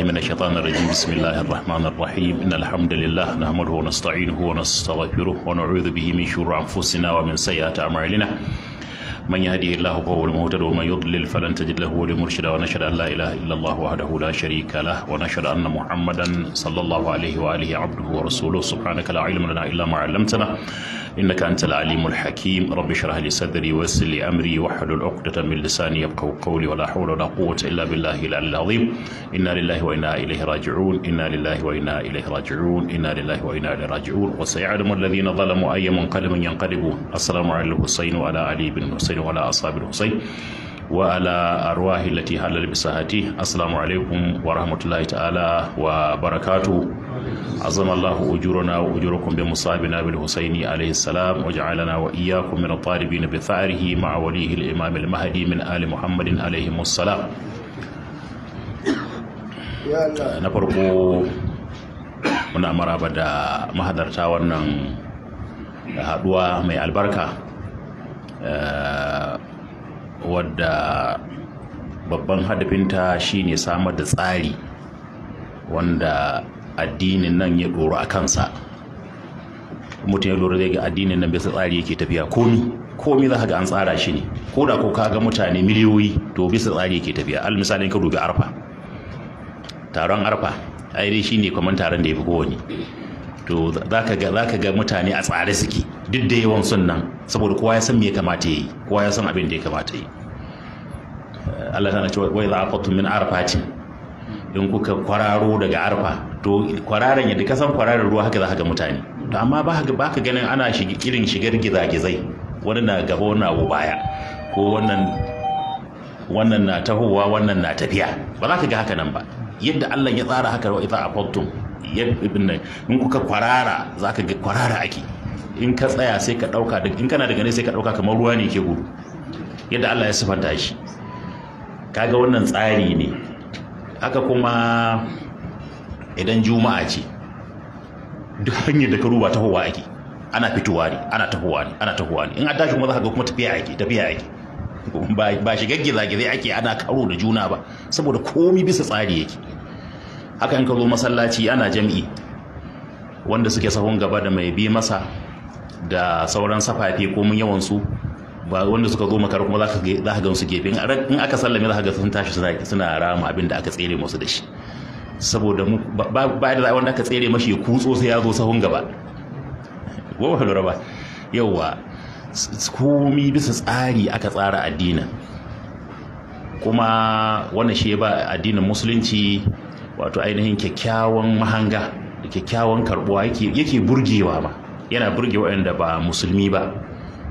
بالله من الشيطان الرجيم بسم الله الرحمن الرحيم إن الحمد لله نحمده ونستعينه ونستغفره ونعوذ به من شرور أنفسنا ومن سيئات أعمالنا من يهدي الله فهو المهتد ومن يضلل فلن تجد له ولي مرشدا ونشهد أن لا إله إلا الله وحده لا شريك له ونشهد أن محمدا صلى الله عليه وآله عبده ورسوله سبحانك لا علم لنا إلا ما علمتنا إنك أنت العليم الحكيم رب اشرح لي صدري ويسر لي أمري واحلل عقدة من لساني يفقهوا قولي ولا حول ولا قوة إلا بالله العلي العظيم إنا لله وإنا إليه راجعون إنا لله وإنا إليه راجعون إنا لله وإنا إليه راجعون وسيعلم الذين ظلموا أي منقلب ينقلبون السلام على الحسين وعلى علي بن الحسين وعلى أصحاب الحسين wa ala arwahi lati halal bisahati assalamu alaikum wa rahmatullahi ta'ala wa barakatu azama Allah ujurana wa ujurukum bi musabina bil husaini alayhi salam wa ja'alana wa iyyakum min at-talibin bi tharihi ma'a walihi al-imam al-mahdi min ali muhammadin alayhi assalam na farko muna maraba da mahadarta wannan haduwa mai albarka eh, wadda babban hadafinta shine samar da tsari wanda addinin nan ya ɗoro a kansa mutum ya lura zai ga addinin nan bisa tsari yake tafiya komi komi za ka ga an tsara shi ne ko da ko ka ga mutane miliyoyi to bisa tsari yake tafiya al misali ka dubi arfa taron arfa ai dai ne kamar taron da ya fi kowane to za ka ga mutane a tsare suke duk da yawan sun nan saboda kowa ya san me ya kamata ya yi kowa ya san abin da ya kamata ya yi Allah tana cewa wai za'aqatu min arfati in kuka kwararo daga arfa to kwararan yadda ka san kwararan ruwa haka za ga mutane to amma ba ka ganin ana irin shigar gizagizai wani na gaba wani abu baya ko wannan wannan na tahowa wannan na tafiya ba za ka ga haka nan ba yadda Allah ya tsara haka wa idza afattum in kuka kwarara za ka ga kwarara ake in ka tsaya sai ka dauka in kana daga ne sai ka dauka kamar ruwa ne ke gudu yadda Allah ya sifanta shi kaga wannan tsari ne haka kuma idan juma'a ce duk hanyar da ka ruba tahowa ake ana fitowa ne ana tahowa ne ana tahowa ne in an tashi kuma za ka ga kuma tafiya ake tafiya ake ba shigagge zai ake ana karo da juna ba saboda komi bisa tsari yake haka in ka zo masallaci ana jam'i wanda suke sahun gaba da mai bi masa da sauran safafe ko mun yawan su ba wanda suka zo makar kuma za ka ga su gefe in aka sallame za ka ga sun tashi suna rama abin da aka tsere musu da shi saboda mu ba da wanda aka tsere mashi ya kutso sai ya zo sahun gaba gobe ba lura ba yauwa komi bisa tsari aka tsara addinin kuma wannan shi ba addinin musulunci wato ainihin kyakkyawan mahanga da kyakkyawan karbuwa yake burgewa ma yana burge waɗanda ba musulmi ba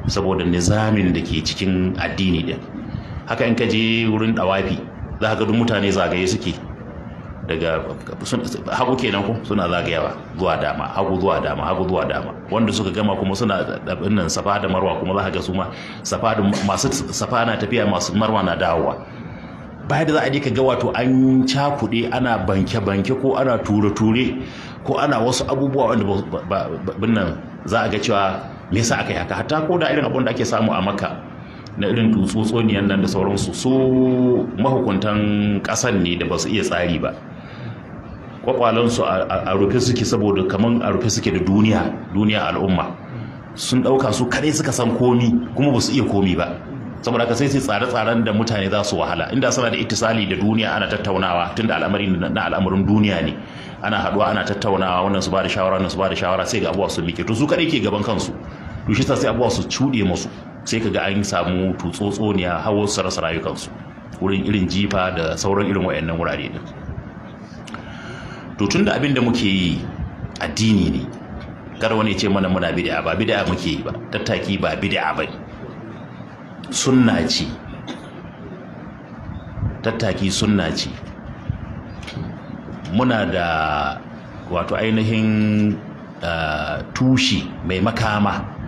saboda nizamin da ke cikin addini din haka in ka je wurin dawafi za ka duk mutane zagaye suke daga hagu kenan ko suna zagayawa zuwa dama hagu zuwa dama hagu zuwa dama wanda suka gama kuma suna nan safa da marwa kuma za ka ga su ma safa masu safa na tafiya masu marwa na dawowa bayan da za a je ka ga wato an cakuɗe ana banke-banke ko ana ture-ture ko ana wasu abubuwa wanda binnan za a ga cewa me yasa aka yi haka hatta ko da irin abun da ake samu a maka na irin tutsotsoniyan nan da sauransu su mahukuntan ƙasan ne da ba su iya tsari ba kwakwalansu a rufe suke saboda kamar a rufe suke da duniya duniya al'umma sun ɗauka su kare suka san komi kuma ba su iya komi ba saboda ka sai sai tsare-tsaren da mutane za su wahala inda suna da ittisali da duniya ana tattaunawa tunda al'amarin na al'amarin duniya ne ana haɗuwa ana tattaunawa wannan su ba da shawara wannan su ba da shawara sai ga abuwa su mike to su kare ke gaban kansu to shi sai abuwa su cuɗe musu sai ka ga an samu tutsotsoniya hawo su rasa rayukansu wurin irin jifa da sauran irin wayannan wurare din to tun da abin da muke yi addini ne kar wani ce mana muna bid'a ba bid'a muke yi ba tattaki ba bid'a ba sunna ce tattaki sunna ce muna da wato ainihin eh, tushi mai makama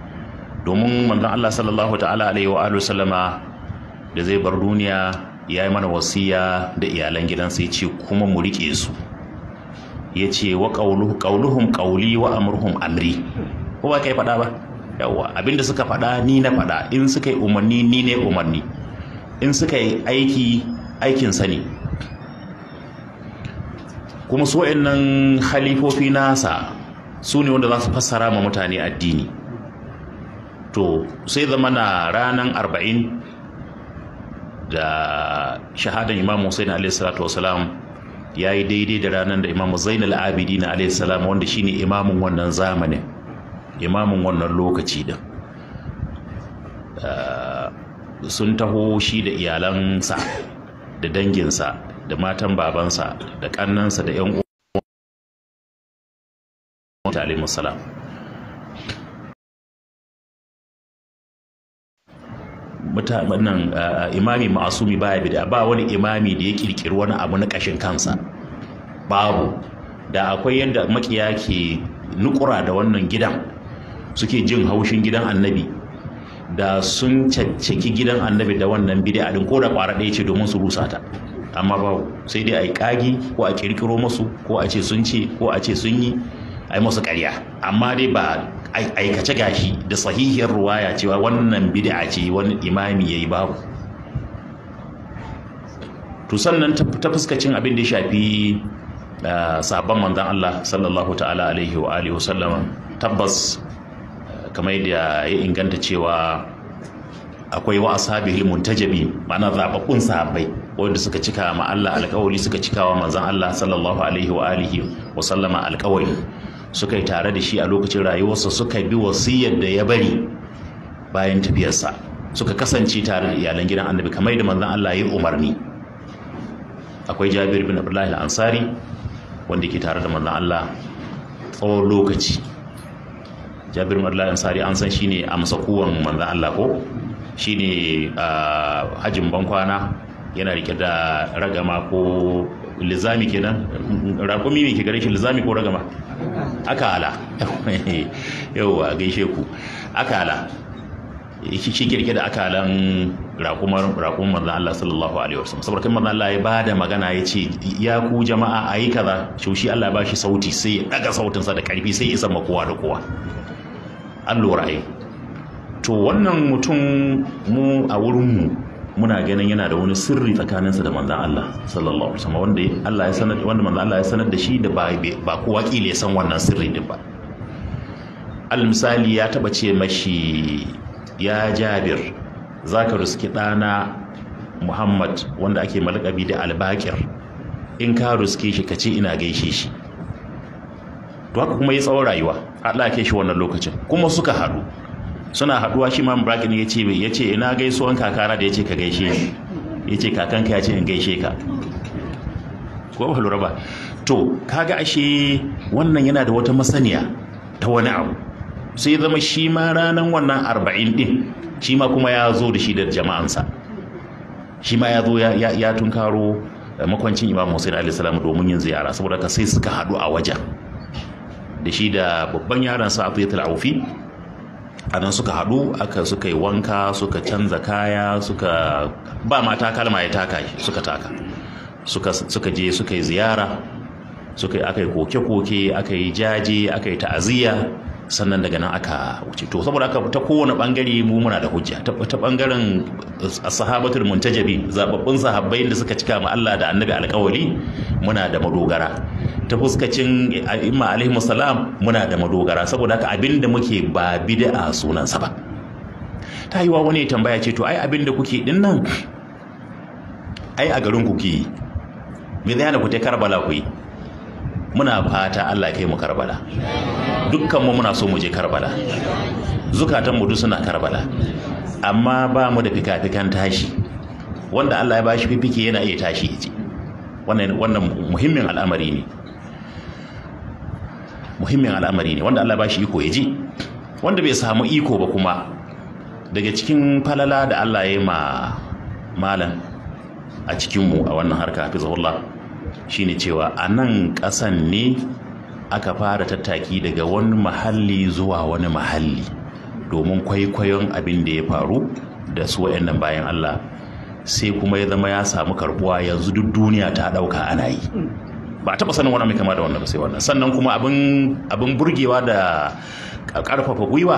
domin manzon Allah sallallahu ta'ala alaihi wa alihi sallama da zai bar duniya ya yi mana wasiya da iyalan gidansa ya ce kuma mu riƙe su ya ce wa ƙauluhum ƙauli wa amurhum amri ko ba kai faɗa ba yawa abinda suka faɗa ni na faɗa in suka yi umarni ni ne umarni in suka yi aiki aikin sani kuma so'in nan halifofi nasa su ne wanda za su fassara ma mutane addini to sai zama na ranar arba'in da shahadan imam Hussein alaihi salatu wasalam ya yi daidai da ranar da imam Zainal abidina alaihi salam wanda shine imamun wannan zamanin imamun wannan lokaci din ah, sun taho shi da iyalansa da danginsa da matan babansa da kannansa da 'yan uwa salam mutanen imami ma'asumi baya bid'a ba wani imami da ya kirkiri wani abu na kashin kansa babu da akwai yadda makiya ke nukura da wannan gidan suke jin haushin gidan annabi da sun caccaki gidan annabi da wannan bid'a din ko da kwara ɗaya ce domin su rusa ta amma babu sai dai a yi kagi ko a kirkiro masu ko a ce sun ce ko a ce sun yi A ai musu karya. amma dai ba aikace gashi da sahihiyar ruwaya cewa wannan bid'a ce wani imami yayi babu to sannan ta fuskacin abin da ya shafi ah, sabon manzon Allah sallallahu ta'ala alaihi wa alihi tabbas ah, kamar da ya inganta cewa akwai wa ashabihil muntajabi ma'ana zababbun sahabbai wanda suka cika ma Allah alƙawari suka cikawa manzon Allah sallallahu alaihi wa alihi wa sallama alƙawari suka yi tare da shi a lokacin rayuwarsa suka bi wasiyar da ya bari bayan tafiyarsa suka kasance tare da iyalan gidan annabi kamar da manzon Allah ya umarni akwai Jabir bin Abdullah al-Ansari wanda ke tare da manzon Allah tsawon lokaci Jabir bin Abdullah al-Ansari an san shine amsa kuwan manzon Allah ko shine ah, hajin bankwana yana rike da ragama ko lizami kenan raƙumi ne ke gare shi lizami ko ragama Aka Yau, yauwa gaishe ku Aka ala. shi kirke da akalan raƙumar raƙun Allah sallallahu alaihi wasu saboda kan manzon Allah ya bada magana ya ce ya ku jama'a a yi kaza shi Allah ba shi sauti sai ya daga sautinsa da karfi sai ya isa kowa da kowa an lura to wannan mutum mu a wurin mu muna ganin yana da wani sirri tsakaninsa da manzan Allah sallallahu alaihi wasallam wanda manzan Allah ya sanar da shi da ba kowa kila ya san wannan sirri din ba al misali ya taba ce mashi ya Jabir zaka ruski dana Muhammad wanda ake malakabi da al in ka ruske shi ka ce ina gaishe shi to haka kuma ya tsawon rayuwa Allah ya kai shi wannan lokacin kuma suka haɗu suna haduwa shi man brakin ya ce ya ce ina gaisuwan kakana da ya ce ka gaishe ya ce kakanka ya ce in gaishe ka ko ba lura ba to kaga ashe wannan yana da wata masaniya ta wani abu sai zama shi ma ranar wannan arba'in din shi ma kuma ya zo da shi da jama'ansa shi ma ya zo ya tunkaro eh, makwancin imam hussein alayhi salam domin yin ziyara saboda ka sai suka haɗu a wajen da shi da babban yaran sa afiyatul aufi a nan suka haɗu aka suka yi wanka suka canza kaya suka ba ma takalma ya taka suka taka suka je suka yi ziyara suka aka yi koke-koke aka yi jaje aka yi ta'aziyya sannan daga nan aka wuce to saboda haka ta kowane bangare mu muna da hujja ta bangaren eh, sahabatul muntajabi zababbun sahabbai da suka cika ma Allah da annabi alƙawari muna da madogara ta fuskacin imma alaihi salam muna da madogara saboda haka abinda muke ba bid'a sunansa ba ta yiwa wani tambaya ce to ai abinda kuke din nan ai a garin kuke me zai hana ku ta karbala ku yi muna fata Allah ya kai mu Karbala dukkan mu muna so mu je Karbala zukatan mu duk suna Karbala amma ba mu da fikafikan tashi wanda Allah ya bashi fifike yana iya tashi yace wannan wannan muhimmin al'amari ne muhimmin al'amari ne wanda Allah ya bashi iko ya je wanda bai samu iko ba kuma daga cikin falala da Allah ya yi ma malam a cikinmu a wannan harka hafizahullah shine cewa a nan ƙasan ne aka fara tattaki daga wani mahalli zuwa wani mahalli domin kwaikwayon abin da ya faru da su nan bayan Allah sai kuma ya zama ya samu karbuwa yanzu duk duniya ta ɗauka ana yi ba a taɓa sanin wani mai kama da wannan sai wannan sannan kuma abin burgewa da ƙarfafa gwiwa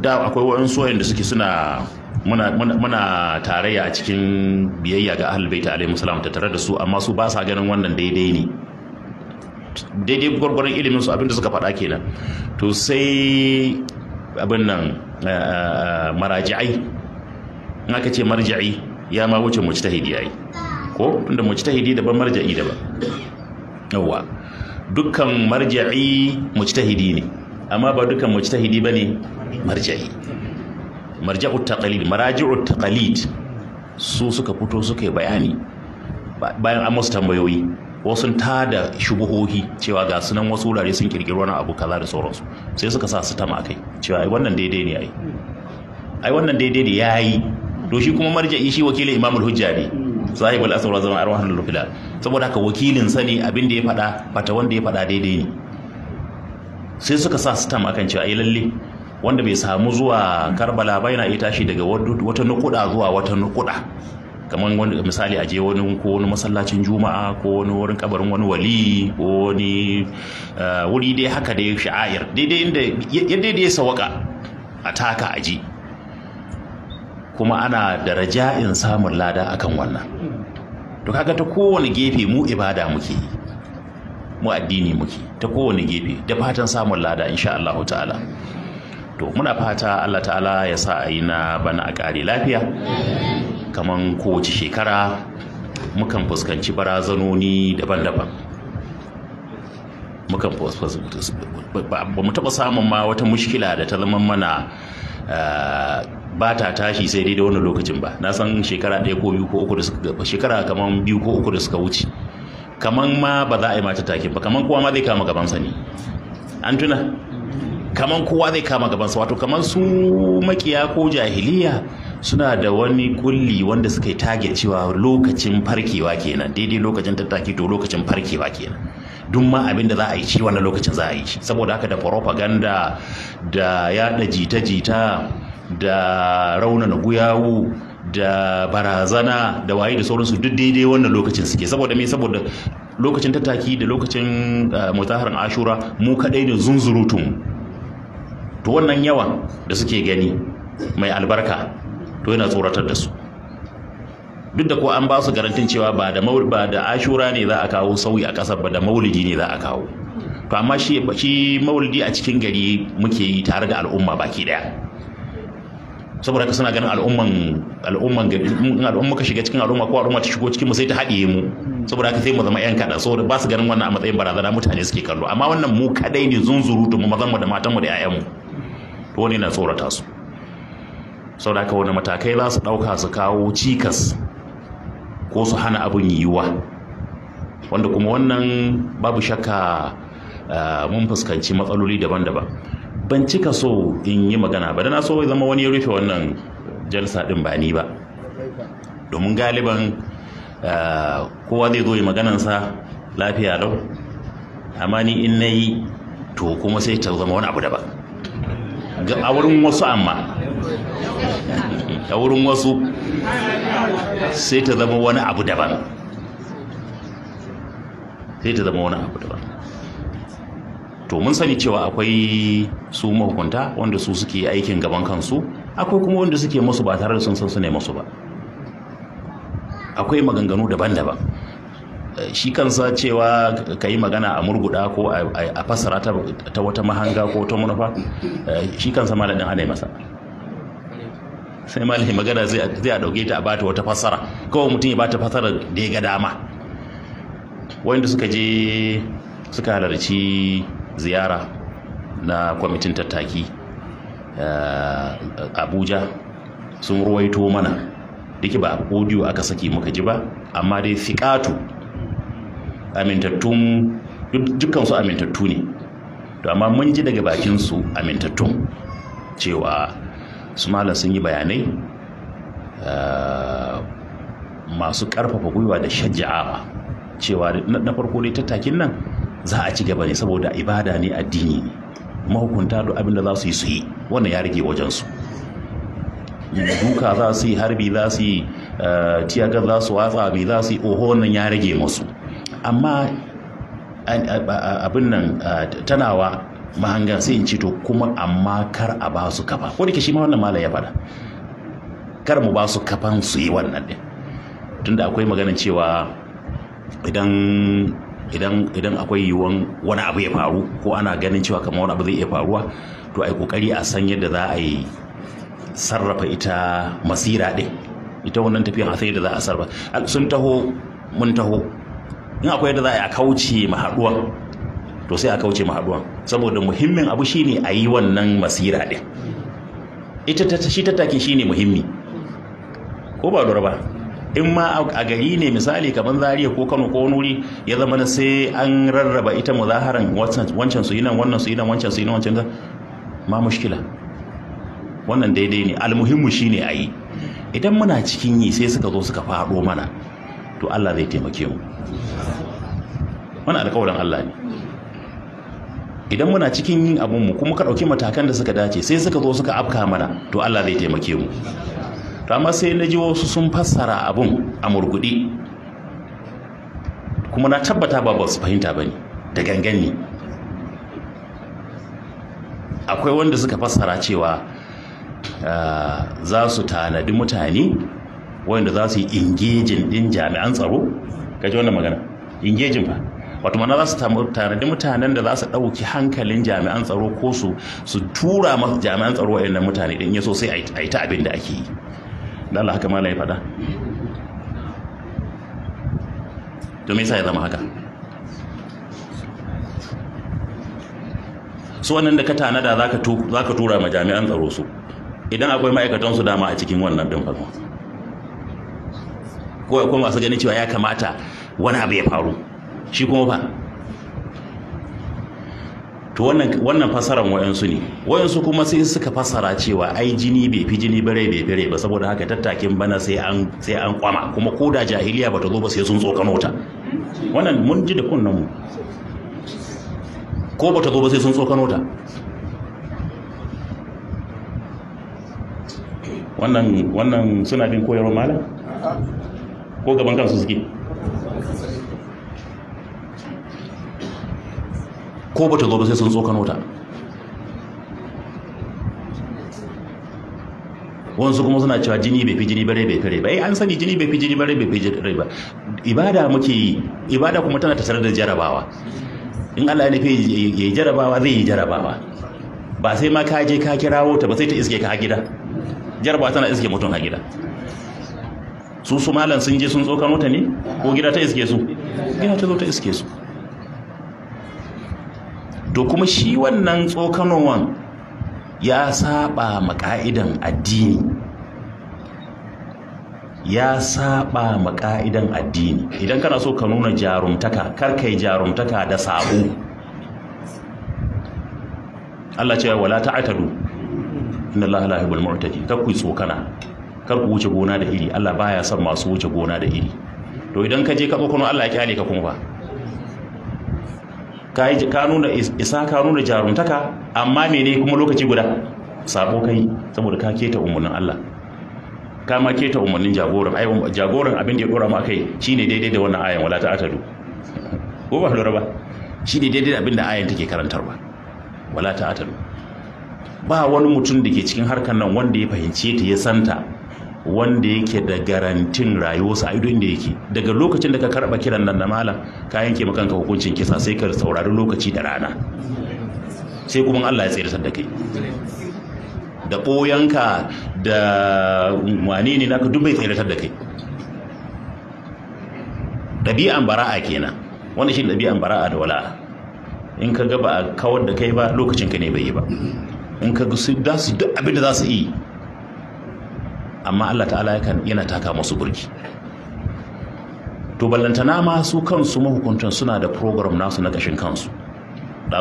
da akwai soyan da suke suna muna tarayya a cikin biyayya ga ahlul baiti alaihi salam ta tare da su amma su ba sa ganin wannan daidai ne daidai gwargwaron ilimin su abinda suka faɗa kenan to sai abin nan eh, eh, maraji'ai in aka ce marja'i ya ma wuce mujtahidi yi ko tunda mujtahidi daban marja'i daban yawa dukkan marja'i hidi ne amma ba dukkan ba ne marja'i marja'ut taqlid maraji'ut taqlid su suka fito suka yi bayani bayan an musu tambayoyi wasu ta da shubuhohi cewa ga sunan wasu wurare sun kirkiri wani abu kaza da sauransu sai suka sa su tama kai cewa ai wannan daidai ne ai ai wannan daidai ne yayi to shi kuma marja'i shi wakilin imamul hujja ne sahib al-asr wa zaman arwahan al-filal saboda haka wakilin sa ne abin da ya fada fata wanda ya fada daidai ne sai suka sa su tama kan cewa ai lalle wanda bai samu zuwa karbala ba yana iya tashi daga wata nukuda zuwa wata nukuda kamar wani misali a je wani ko wani masallacin juma'a ko wani wurin kabarin wani wali ko wani eh, wuri dai haka dai sha'ayar daidai inda yadda dai sawaka a taka a aji kuma ana daraja in samun lada akan wannan to kaga ta kowane gefe mu ibada muke mu addini muke ta kowane gefe da fatan samun lada insha Allah ta'ala to muna fata Allah ta'ala ya sa a yi na bana a ƙari lafiya kamar kowace shekara mukan fuskanci barazanoni daban-daban mukan ba mu taɓa samun ma wata mushkila da ta zama mana eh, ba ta tashi sai dai da wani lokacin ba na san shekara ɗaya ko biyu ko uku da suka gaba shekara kamar biyu ko uku da suka wuce kamar ma ba za a yi mata take ba kamar kowa ma zai kama gaban sani an tuna kaman kowa zai kama gabansa wato kamar su makiya ko jahiliya suna da wani kulli wanda suka yi cewa lokacin farkewa kenan daidai lokacin tattaki to lokacin farkewa kenan duk ma abin da za a yi shi wannan lokacin za a yi shi saboda haka da propaganda da yada jita-jita da raunana guyawu da barazana da waye da sauransu duk daidai wannan lokacin suke saboda me saboda lokacin tattaki da lokacin eh, mutaharin ashura mu kadai ne zunzurutun to wannan yawan da suke gani mai albarka to yana tsoratar da su duk da ko an ba su garantin cewa ba da ba da ashura ne za a kawo sauyi a ƙasar ba da maulidi ne za a kawo to amma shi shi maulidi a cikin gari muke yi tare da al'umma baki daya saboda ka suna ganin al'umman al'umman gari in al'umma ka shiga cikin al'umma ko al'umma ta shigo cikin mu sai ta haɗiye mu saboda ka sai mu zama yan kada saboda ba su ganin wannan a matsayin barazana mutane suke kallo amma wannan mu kadai ne zunzuru mu mazan mu da matan mu da 'ya'yan mu wani na tsorata su sau da wani matakai za su ɗauka su kawo cikas ko su hana abin yiwuwa wanda kuma wannan babu shakka eh, mun fuskanci matsaloli daban-daban ban cika so in yi magana ba da na so zama wani ya rufe wannan jalsa ɗin ba ni ba domin galiban eh, kowa zai zo yi maganansa lafiya lau amma ni in na yi to kuma sai ta zama wani abu daban a wurin wasu amma a wurin wasu sai ta zama wani abu daban sai ta zama wani abu daban to mun sani cewa akwai su mahukunta wanda su suke aikin gaban kansu akwai kuma wanda suke masu ba tare da sun san su ne masu ba akwai maganganu daban-daban shi kansa cewa ka yi magana a murguda ko a fasara ta wata mahanga ko ta manufa eh, shi kansa malamin ana masa sai malamin magana zai a dauke ta a bata wata fasara kawai mutum ya bata fasara da ya ga dama wanda suka je suka halarci ziyara na kwamitin tattaki eh, abuja sun ruwaito mana duk ba audio aka saki muka ji ba amma dai fikatu amintattun dukansu amintattu ne to amma mun ji daga bakinsu amintattun cewa su malam sun yi bayanai eh, masu karfafa gwiwa da shaja'awa cewa na farko dai tattakin nan za a ci gaba ne saboda ibada ne addini ne mahukunta duk abin da za su yi su yi wannan ya rage wajensu duka za su yi harbi za su yi eh, tiyagar za su watsa bi za su yi oho ya rage musu amma abin nan tanawa mahanga sai in ce to kuma amma kar a ba su kafa ko shi ma wannan malam ya faɗa kar mu ba su kafan su yi wannan din tunda akwai maganin cewa idan idan idan akwai yiwuwan wani abu ya faru ko ana ganin cewa kamar wani abu zai iya faruwa to ai kokari a san yadda za a yi sarrafa ita masira din ita wannan tafiyan a sai da za a sarrafa sun taho mun taho in akwai yadda za a kauce ma to sai a kauce ma saboda muhimmin abu shine a yi wannan masira ɗin ita ta shi tattake shine muhimmi ko ba dora ba in ma a gari ne misali kamar zaria ko kano ko nuri ya zama na sai an rarraba ita muzaharan wancan su yi nan wannan su yi nan wancan su yi nan wancan ma mushkila wannan daidai ne almuhimmu shine a yi idan muna cikin yi sai suka zo suka faɗo mana to Allah zai taimake mu wani alkawarin Allah ne idan muna cikin yin abun mu kuma ka ɗauki matakan da suka dace sai suka zo suka afka mana to Allah zai taimake mu to amma sai na ji wasu sun fassara abun a murguɗi kuma na tabbata ba ba su fahimta bane ne da gangani akwai wanda suka fassara cewa ah, za su tanadi mutane wanda za su yi ingejin din jami'an tsaro kaji wannan magana ingejin fa wato mana za su tanadi mutanen da za su ɗauki hankalin jami'an tsaro ko su su tura masu jami'an tsaro waɗannan mutane din ya so sai a yi ta abin da ake yi da Allah haka ma lai faɗa to me yasa ya zama haka su wannan da ka tanada za ka tura ma jami'an tsaro su idan akwai ma'aikatan su dama a cikin wannan din fa ko akwai masu ganin cewa ya kamata wani abu ya faru shi kuma fa to wannan wannan fasaran wayansu ne wayansu kuma sai suka fasara cewa ai jini bai fi jini bare bai bare ba saboda haka tattakin bana sai an sai an kwama kuma ko da jahiliya bata zo ba sai sun tsokano ta wannan mun ji da kunnan mu ko bata zo ba sai sun tsokano ta wannan wannan suna bin koyarwar malam ko gaban kansu suke ko ba ta zo ba sai sun tsokano ta Wansu kuma suna cewa jini bai fi jini bare bai fere ba eh an sani jini bai fi jini bare bai fi jini ba ibada muke yi ibada kuma tana tasirar da jarabawa in Allah ya nufi ya yi jarabawa zai yi jarabawa ba sai ma ka je ka kirawo ta ba sai ta iske ka gida jarabawa tana iske mutum a gida su su malam sun je sun tsokano ta ne ko gida ta iske su gida ta zo ta iske su to kuma shi wannan tsokanowan ya saba ma ka'idan addini ya saba ma ka'idan addini idan kana so ka nuna jarumtaka kar kai jarumtaka da sabo Allah ce wala ta'tadu inna Allah la yuhibbul mu'tadin takwi tsokana kar ku wuce gona da iri Allah baya son masu wuce gona da iri to idan ka je ka tsokano Allah ya kyale ka kuma ba ka yi ka nuna isa ka nuna jaruntaka amma mene kuma lokaci guda sabo kai saboda ka keta umurnin Allah ka ma keta umurnin jagoran ai um, jagoran abin da ya dora maka kai shine daidai da wannan ayan wala ta'tadu ko ba lura ba shine daidai da abin da ayan take karantarwa wala ta'tadu ba wani mutum da ke cikin harkar nan wanda ya fahimce ta ya santa wanda yake da garantin rayuwarsa a idon da yake daga lokacin da ka karba kiran nan da malam ka yanke maka hukuncin kisa sai ka saurari lokaci da rana sai kuma Allah ya tsayar da kai da koyanka da wani ne naka duk bai tsayar da kai ɗabi'an bara'a kenan wani shi ɗabi'an bara'a da wala'a in ka ga ba a kawar da kai ba lokacin ka ne bai yi ba in ka ga su duk abin da za su yi amma Allah ta'ala yakan yana taka musu burki to ballantana ma su kansu mahukuntan suna da program nasu na kashin kansu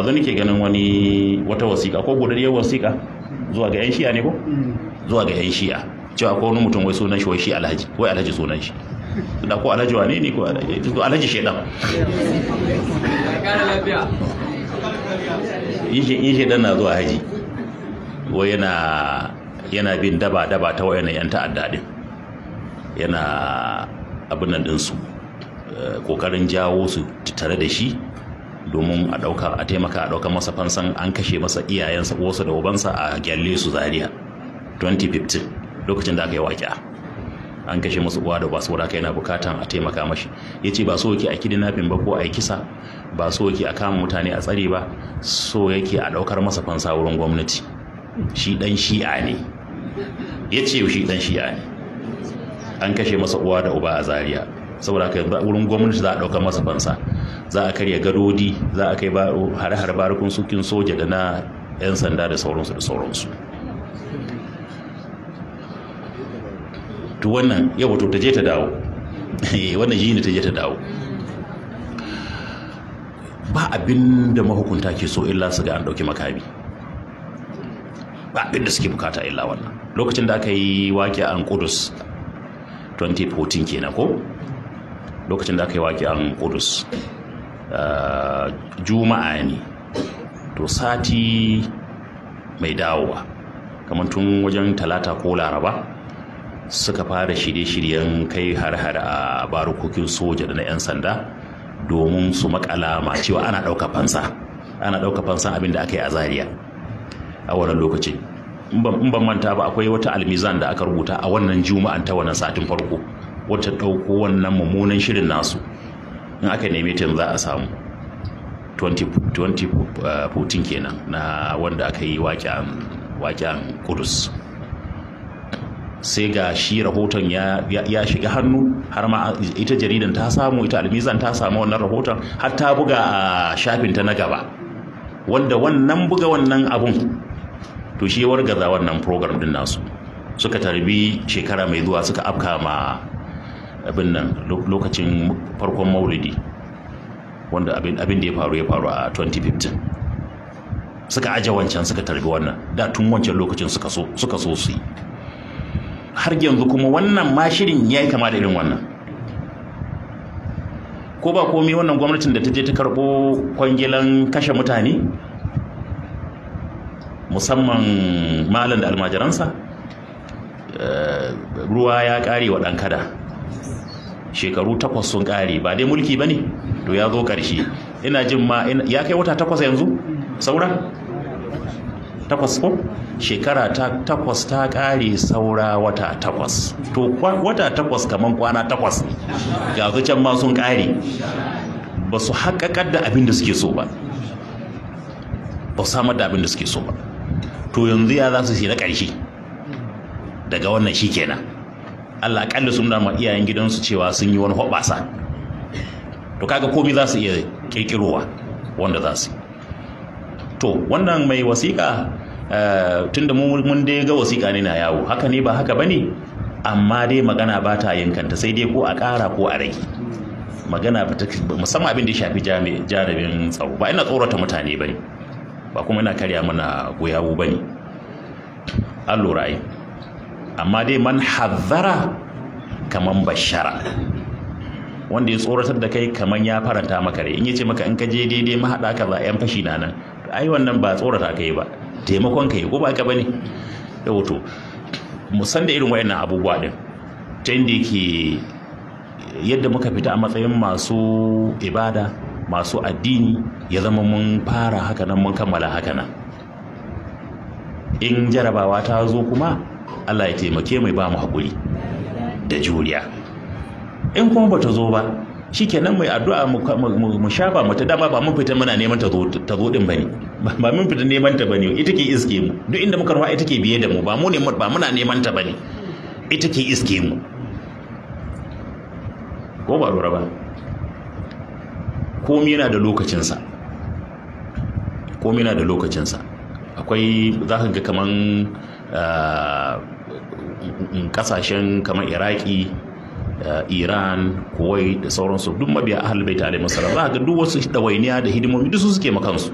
zo nake ganin wani wata wasiƙa ko gudaniyar wasiƙa zuwa ga yan shi'a ne ko zuwa ga yan shi'a cewa ko wani mutum wai sunan shi wai shi alhaji wai alhaji sunan shi da ko alhaji wane ne ko alhaji to alhaji shedan yin shedan na zuwa haji wai yana yana bin daba-daba ta wayannan 'yan ta'adda din yana abin nan eh, kokarin jawo su tare da shi domin a ɗauka a taimaka a ɗaukar masa fansan an kashe masa iyayensa wasu da ubansa a gyalle su zaria 2015 lokacin da aka yi waƙiya an kashe musu uwa da ba su wadaka yana bukatan a taimaka mashi ya ce ba so yake a kidnapping ba ko a yi kisa ba so yake a kama mutane a tsare ba so yake a ɗaukar masa fansa wurin gwamnati shi dan shi'a ne ya ce shi dan shi'a ne an kashe masa uwa da uba a zaria saboda haka yanzu wurin gwamnati za a ɗauka masa fansa za a karya gadodi za a kai har-har barukun sukin soja da na 'yan sanda da sauransu da sauransu to wannan yau wato ta je ta dawo eh, wannan shi ne ta je ta dawo ba abin da mahukunta ke so illa su ga an ɗauki makami ba abin da suke bukata illa wannan lokacin da aka yi waƙi an kudus 2014 kenan ko lokacin da aka yi waƙi an kudus ah, juma'a ne to sati mai dawowa kamar tun wajen talata ko laraba suka fara shirye-shiryen kai har-har a barukokin soja da na 'yan sanda domin su makala ma cewa ana ɗauka fansa ana ɗauka fansa abin da aka yi a zaria a wannan lokacin in ban manta ba akwai wata almizan da aka rubuta a wannan juma'an ta wannan satin farko wata ɗauko wannan mummunan shirin nasu in aka neme ta za a samu 2014 eh, kenan na wanda aka yi waƙen kudus sai ga shi rahoton ya shiga hannu har ma ita jaridan ta samu ita almizan ta samu wannan rahoton har ta buga a shafinta na gaba wanda wannan buga wannan abun to shi gaza wannan program din nasu suka tarbi shekara mai zuwa suka afka ma abin nan lokacin farkon maulidi wanda abin da ya faru ya faru a 2015 suka aje wancan suka tarbi wannan da tun wancan lokacin suka so su yi har yanzu kuma wannan ma shirin ya yi kama da irin wannan ko ba komai wannan gwamnatin da ta je ta karɓo kwangilan kashe mutane musamman malam da almajiransa eh, ruwa ya ƙare wa ɗan kada shekaru takwas sun ƙare ba dai mulki ba ne to ya zo ƙarshe ina jin ma ya kai wata takwas yanzu saura takwas ko shekara ta takwas ta ƙare saura wata takwas to wata takwas kamar kwana takwas ga can ma sun ƙare ba su haƙaƙar da abin da suke so ba ba samar da abin da suke so ba to yanzu ya za su shi na ƙarshe daga wannan shi kenan Allah ƙalli sun dama iyayen gidansu cewa sun yi wani hoɓasa to kaga komai za su iya ƙirƙirowa wanda za su to wannan mai wasiƙa eh, tun da mun dai ga wasiƙa ne na yawo haka ne ba haka ba ne. amma dai magana ba ta yankanta sai dai ko a ƙara ko a rage magana musamman abin da ya shafi jarabin tsaro ba ina tsorata mutane ba ne. ba kuma yana karya mana goyawu ba ne an lura amma dai man hazzara kaman bashara wanda ya tsoratar da kai kaman ya faranta maka rai in ya ce maka in ka je daidai mahaɗa ka ba yan fashi na nan ai wannan ba tsorata ka yi ba taimakon ka ko ba ka bane da wato musan da irin wayannan abubuwa din ta yadda yadda muka fita a matsayin masu ibada masu addini ya zama mun fara haka nan mun kammala haka nan in jarabawa ta zo kuma Allah ya taimake mai ba mu haƙuri da juriya in kuma ba ta zo ba shikenan mai addu'a mu shafa mu ta dama ba mun fita muna neman ta zo ta zo din bane ba mun fita neman ta bane ita ke iske mu duk inda muka ruwa ita ke biye da mu ba mu ne ba muna neman ta bane ita ke iske mu ko ba lura ba komi yana da lokacinsa komi yana da lokacinsa akwai za ka ga kaman ah, kasashen kamar iraki ah, iran kowai da sauransu duk mabiya ahal bai tare masara za ga duk wasu ɗawainiya da hidimomi duk su suke makansu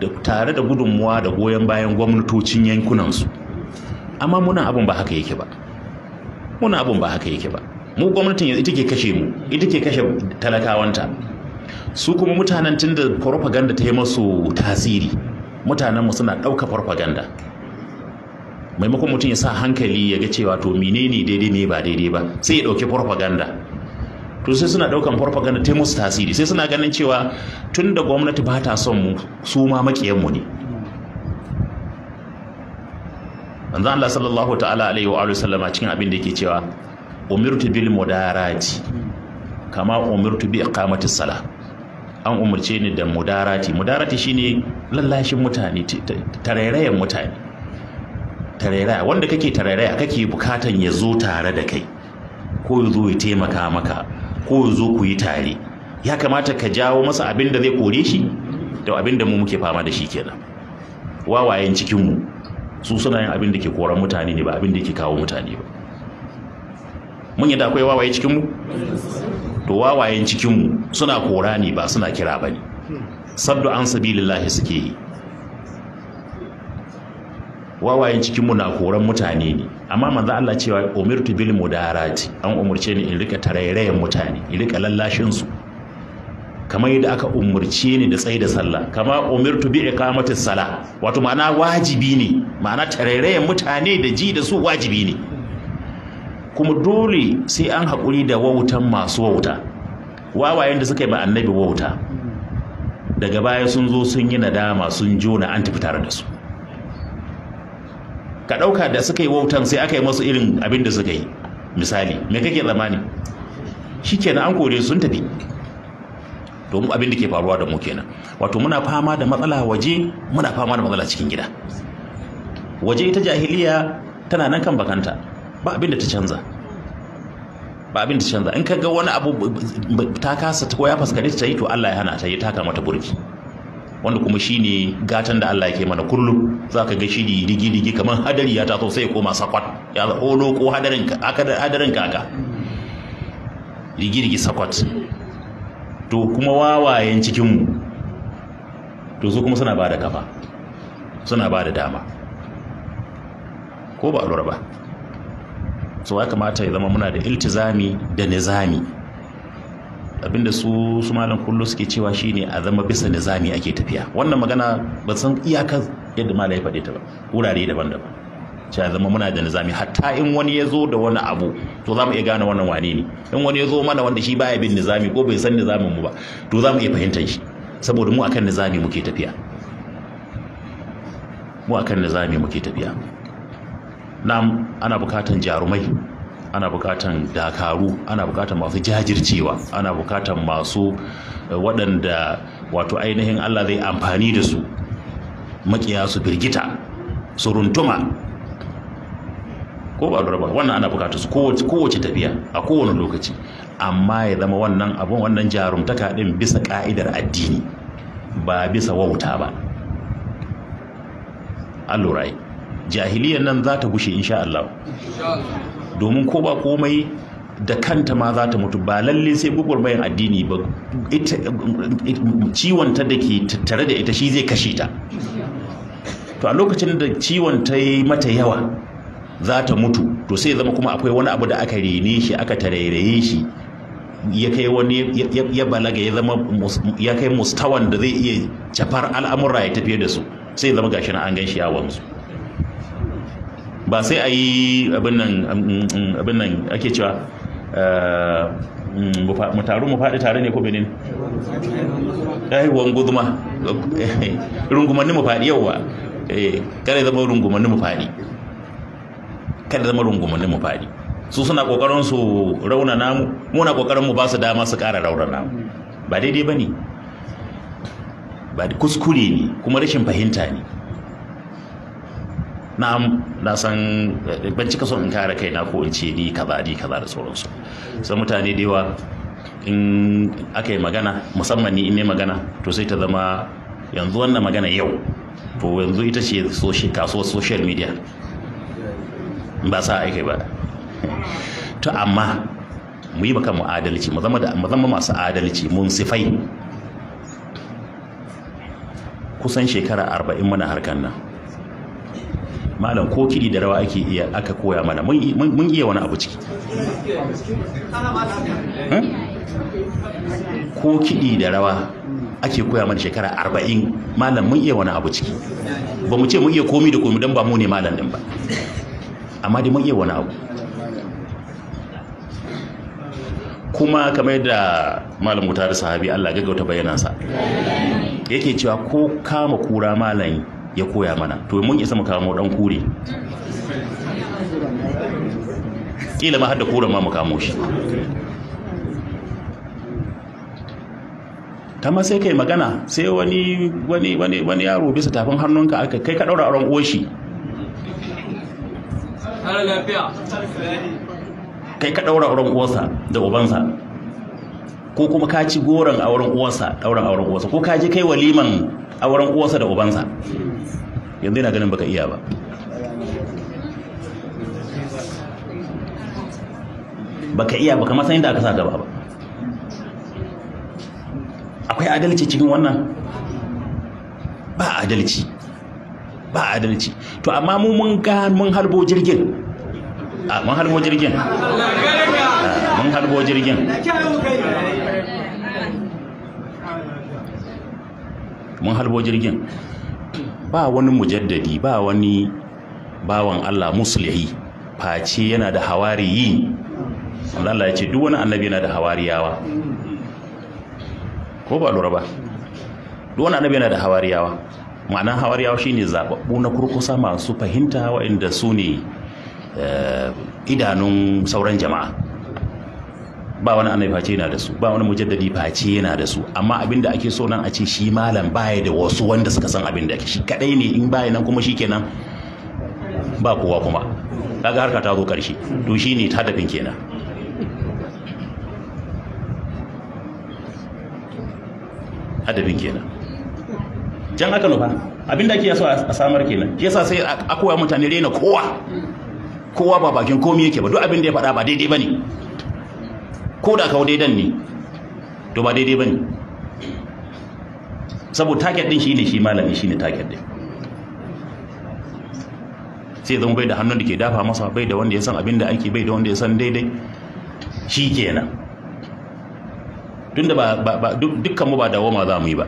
da tare da gudunmuwa da goyon bayan gwamnatocin yankunansu amma muna abin ba haka yake ba muna abin ba haka yake ba mu gwamnatin ita ke kashe mu ita ke kashe talakawanta su kuma mutanen tun da farfaganda ta yi masu tasiri mutanenmu suna ɗauka farfaganda maimakon mutum ya sa hankali ya ga cewa to menene daidai ne ba daidai ba sai ya ɗauki farfaganda to sai suna ɗaukan farfaganda ta yi masu tasiri sai suna ganin cewa tun da gwamnati ba ta son mu su ma maƙiyanmu ne manzo Allah sallallahu ta'ala alaihi wa sallama cikin abin da yake cewa umirtu bil mudarati kama umirtu bi iqamati salah an umarce ni da mudarati mudarati shine lallashin mutane tarairayan mutane tarairaya wanda kake tarairaya kake bukatan ya zo tare da kai ko ya zo ya taimaka maka ko ya zo ku yi tare ya kamata ka jawo masa abin da zai kore shi da abin da mu muke fama da shi kenan wawayen cikin mu su suna yin abin da ke koran mutane ne ba abin da ke kawo mutane ba mun yadda akwai wawaye cikin to wawayen cikinmu suna kora ne ba suna kira ba ne sabdu an sabilillahi suke yi wawayen cikinmu na koran mutane ne amma manzo Allah cewa umirtu bil mudarati an umurce ni in rika tarairayen mutane in rika lallashin su kamar yadda aka umurce ni da tsaye da sallah kama umirtu bi iqamati sala, wato ma'ana wajibi ne ma'ana tarairayen mutane da ji da su wajibi ne kuma dole sai an haƙuri da wautan masu wauta wawayen da suka yi annabi wauta daga baya sun zo sun yi nadama sun jona an tafi tare da su ka ɗauka da suka yi wautan sai aka yi masu irin abin da suka yi misali me kake zamani shi kenan an kore sun tafi domin abin da ke faruwa da mu kenan wato muna fama da matsala waje muna fama da matsala cikin gida waje ita jahiliya tana nan kan bakanta ba abin da ta canza ba abin da ta canza in ka ga wani abu ta kasa ko ya fuskanci ta yi to Allah ya hana ta yi taka mata burki wanda kuma shine gatan da Allah yake mana kullum za ka ga shiri digi digi kamar hadari ya taso sai ya koma sakwat ya holo ko hadarin ka hadarin ka aka digi digi sakwat to kuma wawayen cikin mu to su kuma suna ba da kafa suna ba da dama ko ba a lura ba so ya kamata ya zama muna da iltizami da nizami abinda su su malam kullu suke cewa shine a zama bisa nizami ake tafiya wannan magana ba san iyakar yadda malai faɗe ta ba wurare daban-daban a zama muna da nizami hatta in wani ya zo da wani abu to za mu iya gane wannan wane ne in wani ya zo mana wanda shi baya bin nizami ko bai san nizamin mu ba to za mu iya fahimtar shi saboda mu akan nizami muke tafiya mu akan nizami muke tafiya nam ana bukatan jarumai ana bukatan dakaru ana bukatan masu jajircewa ana bukatan masu eh, waɗanda wato ainihin allah zai amfani da su makiya su birgita su runtuma ko ba ba wannan ana bukatar su kowace tafiya a kowane lokaci amma ya zama wannan abun wannan jarumtaka ɗin bisa ka'idar addini ba bisa wauta ba an lura jahiliyar nan za ta gushe insha Allah domin ko ba komai da kanta ma za ta mutu ba lalle sai bayan addini ba ciwon ta da ke tattare da ita shi zai kashe ta to a lokacin da ciwon ta yi mata yawa za ta mutu to sai zama kuma akwai wani abu da aka rene shi aka tarairaye shi ya kai wani ya balaga ya zama ya kai mustawan da zai iya cafar al'amura ya tafiye da su sai zama gashi na an gan shi ya wanzu ba sai a yi abin nan mm, mm, mm, ake cewa eh, mu taru mu faɗi tare ne ko benin haihuwan guduma rungumanni mu faɗi yauwa eh, kada zama rungumanni mu faɗi kada zama rungumanni mu faɗi su suna ƙoƙarin su raunana mu muna ƙoƙarin mu ba su dama su ƙara raunana mu ba daidai ba ne ba kuskure ne kuma rashin fahimta ne na'am na san eh, ban cika son in kare na ko in ce ni kaza ni kaza da sauransu sai mutane da yawa in aka yi magana musamman ni in yi magana to sai ta zama yanzu wannan magana yau to yanzu ita ce kasuwar social media ba sa aiki ba to amma mu yi baka mu adalci mu zama masu adalci mun sifai kusan shekara arba'in muna harkar nan malam ko kiɗi da rawa ake iya aka koya mana mun iya wani abu ciki ko kiɗi da rawa ake koya mana shekara arba'in malam mun iya wani abu ciki ba mu ce mun iya komi da komi don ba mu ne malam din ba amma dai mun iya wani abu kuma kamar yadda malam mutar sahabi Allah gaggauta bayanansa yake cewa ko kama kura malam ya koya mana to mun isa mu kamo dan kure kila ma har da kuren ma mu kamo shi kama sai kai magana sai wani wani wani wani yaro bisa tafin hannunka aka kai ka daura auren uwashi kai ka daura auren uwarsa da ubansa ko kuma ka ci goron auren uwansa auren auren uwansa ko ka je kai waliman auren uwansa da ubansa yanzu ina ganin baka iya ba baka iya baka masan inda aka sa gaba ba akwai adalci cikin wannan ba adalci ba adalci to amma mu mun ga mun halbo jirgin a ah, mun harbo jirgin ah, mun harbo jirgin mun harbo jirgin ba wani mujaddadi ba wani bawan Allah muslihi face yana da yi Allah ya ce duk wani annabi yana da hawariyawa ko ba lura ba duk wani annabi yana da hawariyawa ma'ana hawariyawa shine zababbu na kurkusa masu fahimta waɗanda su ne Eh, idanun sauran jama'a ba wani annabi face yana da su ba wani mujaddadi face yana da su amma abin da ake so nan a ce shi malam baya da wasu wanda suka san abin da shi kadai ne in baya nan kuma shikenan ba kowa kuma kaga harka ta zo karshe to shine hadafin kenan hadafin kenan jan aka nufa abin da ake so a samar kenan shi yasa sai a koya mutane rena kowa kowa ba bakin komi yake ba duk abin da ya faɗa ba daidai ba ne ko da kawo daidan ne to ba daidai ba ne saboda target din shi ne shi malami shi ne target din sai zama bai da hannun da ke dafa masa bai da wanda ya san abin da ake bai da wanda ya san daidai shi kenan tun da dukkan mu ba dawoma za mu yi ba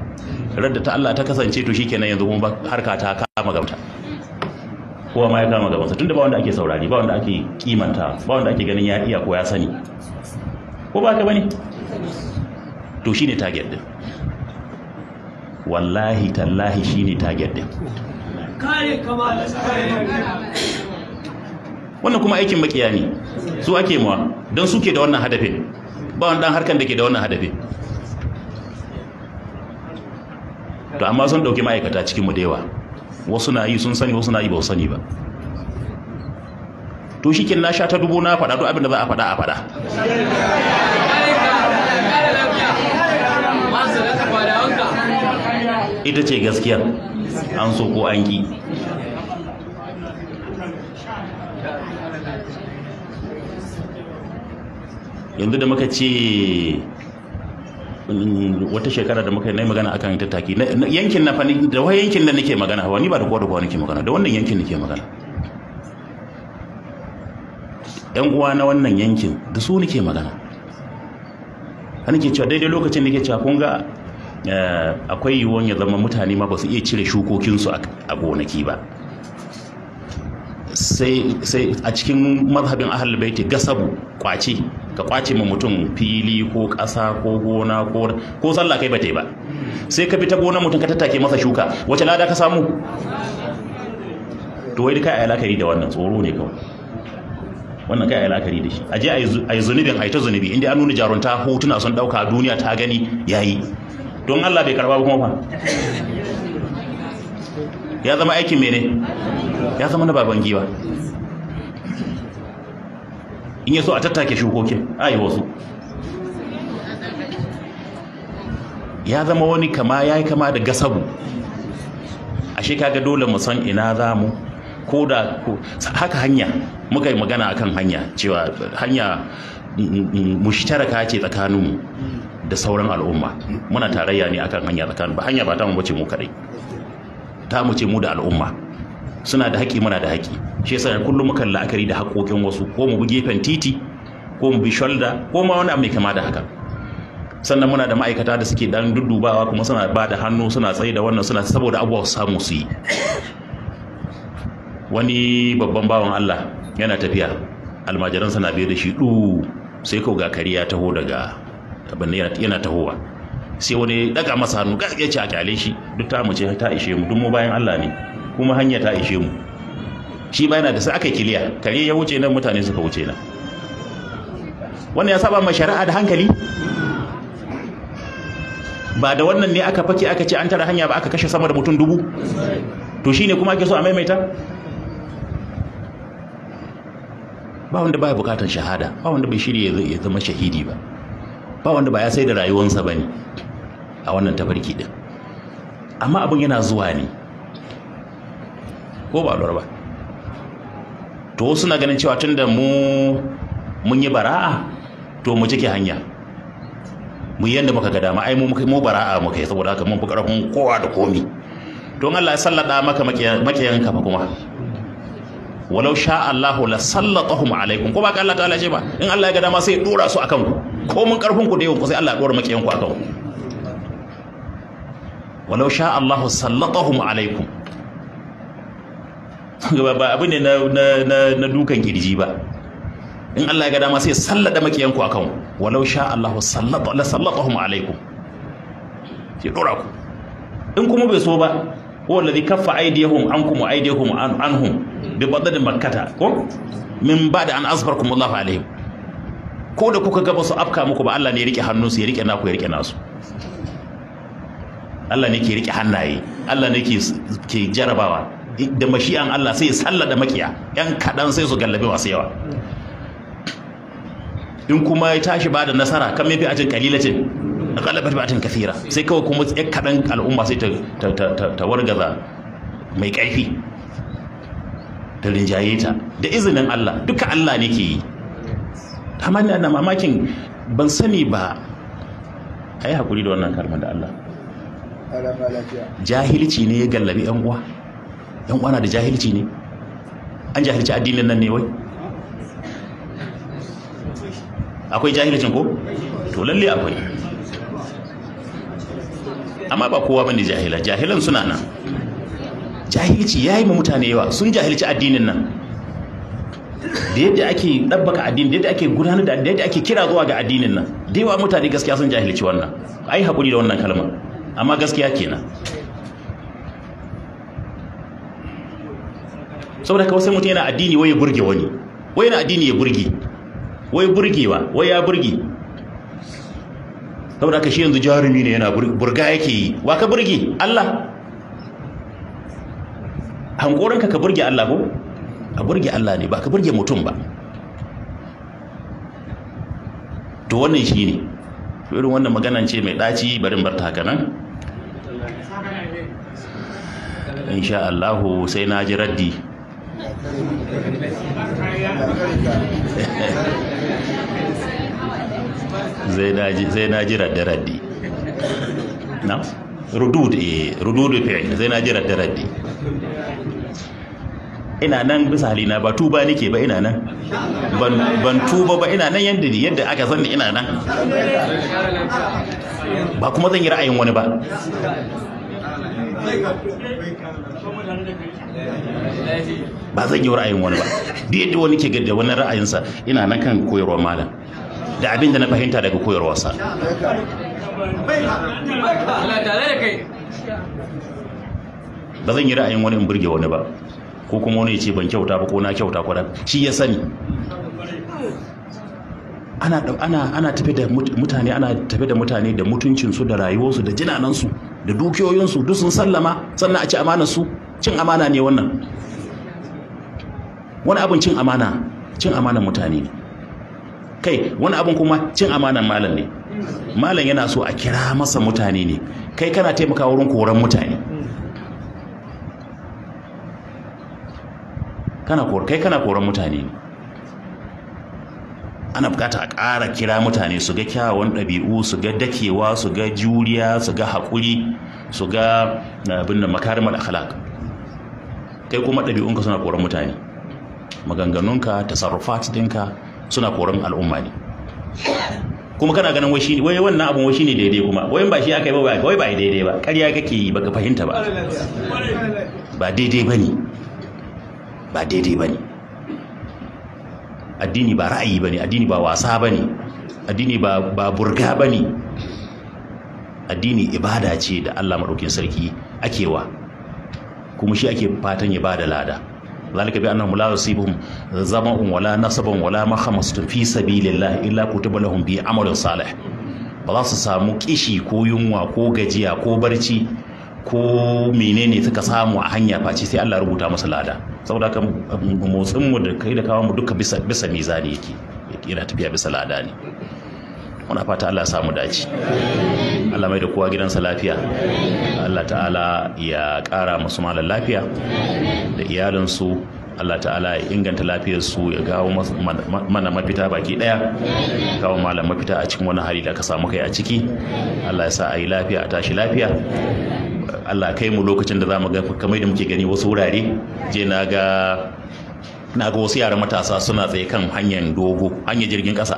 radda ta Allah ta kasance to shi yanzu kuma harka ta kama gauta kowa ma ya kama gabansa tunda ba wanda ake saurari ba wanda ake kimanta ba wanda ake ganin ya iya ko ya sani ko ba ka bane to shine target din wallahi tallahi shine target din kare kamala wannan kuma aikin makiya ne su ake mawa don suke da wannan hadafin ba wani dan harkan da ke da wannan hadafin to amma sun dauki ma'aikata cikin mu da yawa wasu na yi sun sani wasu na yi ba sani ba to shi na sha ta dubu na faɗa duk abin da za a faɗa a faɗa ita ce gaskiyar an so ko an ki yanzu da muka ce wata shekara da muka yi magana akan tattaki yankin na fani da wani yankin da nake magana hawa ni ba da kowa da nake magana da wannan yankin nake magana yan uwa na wannan yankin da su nake magana har nake cewa daidai lokacin nake cewa kun ga eh, akwai yiwuwan ya zama mutane ma ba su iya cire shukokinsu a gonaki ba sai a cikin mazhabin ahal baiti gasabu kwace ka kwace ma mutum fili ko ƙasa ko gona ko ko sallah kai ta yi ba sai ka fita gona mutum ka tattake masa shuka wace lada ka samu to wai kai ai lakari da wannan tsoro ne kawai wannan kai ai lakari da shi a je yi zunubin yi ta zunubi inda an nuna jarunta hotuna sun dauka duniya ta gani yayi don Allah bai karba ba kuma fa ya zama aikin mene ya zama na baban giwa in yaso a tattake shukokin ayi wasu ya zama wani kama ya yi kama da gasabu ashe kaga dole mu san ina za mu ko da haka hanya muka yi magana akan hanya cewa hanya mushtaraka ce tsakaninmu da sauran al'umma muna tarayya ne akan hanya tsakanin ba hanya ba ta mu bace mu kadai ta mu ce mu da al'umma suna da haƙi muna da haƙi shi yasa kullum mukan la'akari da haƙoƙin wasu ko mu bi gefen titi ko mu bi shoulder ko ma wani mai kama da haka sannan muna da ma'aikata da suke dan duddubawa kuma suna ba da hannu suna tsaye da wannan suna saboda abuwa su samu su yi wani babban bawan Allah yana tafiya almajiran na biye da shi du sai ko ga kariya taho daga abin yana tahowa sai wani daga masa hannu ya ce a kyale shi duk ta mu ce ta ishe mu duk mu bayan Allah ne kuma hanya ta ishe mu shi ma yana da sa aka kiliya kare ya wuce nan mutane suka wuce nan wannan ya saba ma shari'a da hankali ba da wannan ne aka fake aka ce an tara hanya ba aka kashe sama da mutum dubu to shine kuma ake so a maimaita ba wanda baya bukatan shahada ba wanda bai shirya ya zama shahidi ba ba wanda ba ya sai da rayuwarsa ne. a wannan tafarki din amma abin yana zuwa ne ko ba lura ba to suna ganin cewa da mu mun yi bara'a to mu cike hanya mu yanda muka ga dama ai mu bara'a muka yi saboda haka mun fi karfin kowa da komi don Allah ya sallada maka makiyanka fa kuma walau sha Allahu la sallatahum alaikum ko ba ka Allah ta'ala ce ba in Allah ya ga dama sai dora su akan ku ko mun karfin ku da yau ku sai Allah ya dora makiyanku akan ku walau sha Allahu sallatahum alaikum ba abu ne na dukan girji ba in Allah ya ga dama sai sallada makiyanku akan walau sha Allah sallata la sallatahum alaikum sai dora ku in kuma bai so ba huwa an kaffa aydiyahum ankum wa aydiyahum anhum bi badri makkata ko min ba'da an azfarkum Allah alaihim ko da kuka ga su afka muku ba Allah ne ya rike su ya rike naku ya rike nasu Allah ne ke rike hannaye Allah ne ke jarabawa da mashi'an Allah sai da makiya yan kaɗan sai su gallabe masu yawa in kuma ya tashi ba da nasara kan mafi ajin kalilacin da ba ajin kafira sai kawai kuma yan kaɗan al'umma sai ta wargaza mai ƙaifi ta rinjaye ta da izinin Allah duka Allah ne ke yi amma ina na mamakin ban sani ba a yi haƙuri da wannan kalmar da Allah jahilci ne ya gallabi 'yan uwa uwa na da jahilci ne an jahilci addinin nan ne wai akwai jahilcin ko to lalle akwai amma ba kowa bane jahila jahilan suna nan jahilci yayi ma mutane yawa sun jahilci addinin nan da yadda ake ɗabbaka addini da yadda ake gudanar da yadda ake kira zuwa ga addinin nan da yawa mutane gaskiya sun jahilci wannan ai haƙuri da wannan kalmar amma gaskiya kenan saboda kawai sai mutum yana addini wai ya burge wani wai yana addini ya burge wai burgewa wai ya burge saboda ka shi yanzu jarumi ne yana burga yake yi wa ka burge Allah hankorinka ka burge Allah ko ka burge Allah ne ba ka burge mutum ba to wannan shi ne irin wannan maganan ce mai ɗaci barin bar ta nan insha Allah sai na ji raddi zai na ji raddi-raddi na rudud eh rudud fi'il zai na ji raddi-raddi ina nan bisa halina ba tuba nake ba ina nan ban tuba ba ina nan yadda ne yadda aka sani ina nan ba kuma zan yi ra'ayin wani ba ba zan yi ra'ayin wani ba duk yadda wani ke da wani ra'ayinsa ina nan kan koyarwa malam da abin da na fahimta daga koyarwa sa. ba zan yi ra'ayin wani in burge wani ba ko kuma wani ce ban kyauta ba ko na kyauta ko shi ya sani ana ana ana tafi da mutane ana tafi da mutane da mutuncinsu da rayuwarsu da jinanansu da dukiyoyinsu duk sallama sannan a ci amanar su cin amana ne wannan wani abin cin amana cin amanan mutane ne kai wani abin kuma cin amanan malam ne malam yana so a kira masa mutane ne kai kana taimaka wurin koran mutane kana kor kai kana koran mutane ne ana bukata a ƙara kira mutane su ga kyawun ɗabi'u su ga dakewa su ga juriya su ga haƙuri su ga eh, abin da makarimar akhlaq kai kuma ɗabi'unka suna koran mutane maganganunka tasarrufat dinka suna koran al'umma ne kuma kana ganin wai shine wai wannan abun wai shine daidai kuma wai ba shi aka yi ba wai ba daidai ba ƙarya kake yi baka fahimta ba ba daidai bane ba daidai bane addini ba ra'ayi bane addini ba wasa bane addini ba ba burga bane addini ibada ce da Allah madaukin sarki akewa kuma shi ake fatan ya bada lada zalika bi annahum la yusibuhum zama'un wala nasabun wala mahamastun fi sabilillah illa kutiba lahum bi amalin salih ba za su samu kishi ko yunwa ko gajiya ko barci ko menene suka samu a hanya face sai Allah rubuta masa lada saboda haka motsin mu da kai da kawo mu duka bisa bisa mizani yake yana tafiya bisa lada ne muna fata Allah samu dace Allah mai da kowa gidansa lafiya Allah ta'ala ya ƙara musu malar lafiya da iyalinsu Allah ta'ala ya inganta lafiyarsu ya gawo mana mafita baki daya kawo malam mafita a cikin wani hali da aka samu kai a ciki Allah ya sa a yi lafiya a tashi lafiya Allah kai mu lokacin da za mu ga kamar da muke gani wasu wurare je na ga na ga wasu yaran matasa suna tsaye kan hanyar dogo hanyar jirgin ƙasa.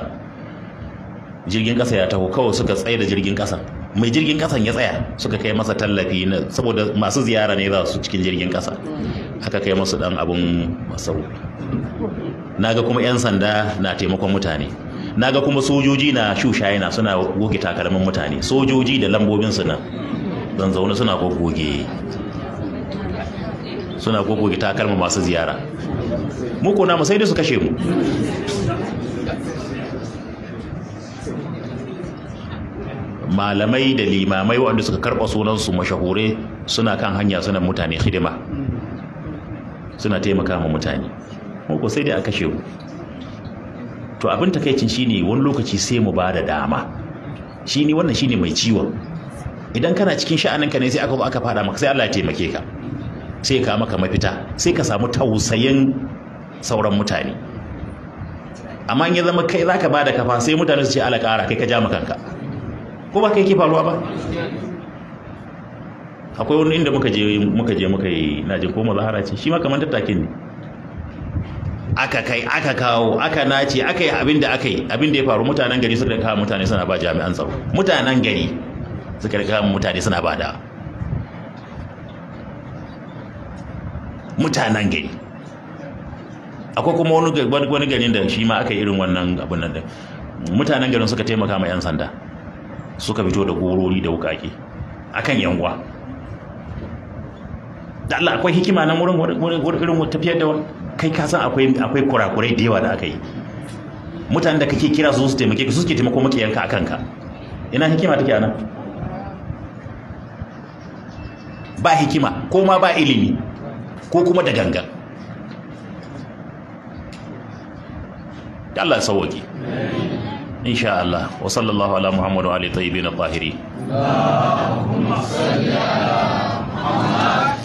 jirgin ƙasa ya taho kawai suka tsaye da jirgin kasan mai jirgin kasan ya tsaya suka kai masa tallafi na saboda masu ziyara ne za su cikin jirgin kasa aka kai masu dan abun Na naga kuma yan sanda na taimakon mutane naga kuma sojoji na shushayina suna goge takalmin mutane sojoji da lambobin su nan zan zaune suna goge suna goge takalmin masu ziyara mu ko na mu sai da su kashe mu malamai da limamai waɗanda suka karɓa sunansu mashahure suna kan hanya suna mutane hidima suna taimaka ma mutane ko sai dai a kashe mu to abin takaicin shine wani lokaci sai mu ba da dama shi ne wannan shine mai ciwon idan kana cikin sha'aninka ne sai aka zo aka fada maka sai Allah ya taimake ka sai ka maka mafita sai ka samu tausayin sauran mutane amma in ya zama kai zaka da kafa sai mutane su ce ala kara kai ka ja kanka ko ba kai ke faruwa ba akwai wani inda muka je muka je muka yi na jin ko mazahara ce shi ma kamar tattakin ne aka kai aka kawo aka nace aka yi abin da aka yi abin da ya faru mutanen gari suka kawo mutane suna ba jami'an tsaro mutanen gari suka kawo mutane suna ba da mutanen gari akwai kuma wani gani da shi ma aka yi irin wannan abin nan mutanen garin suka taimaka ma yan sanda suka fito da gorori da wukaki a kan yanguwa da Allah akwai hikima nan wurin wurin tafiyar da kai ka san akwai akwai kurakurai da yawa da aka yi mutanen da kake kira su su taimake ka su suke taimako makiyanka akan ka ina hikima take anan ba hikima ko ma ba ilimi ko kuma da ganga da Allah sauwaƙe insha Allah wa sallallahu ala Muhammad wa ali tayyibin at-tahirin Allahumma salli ala Muhammad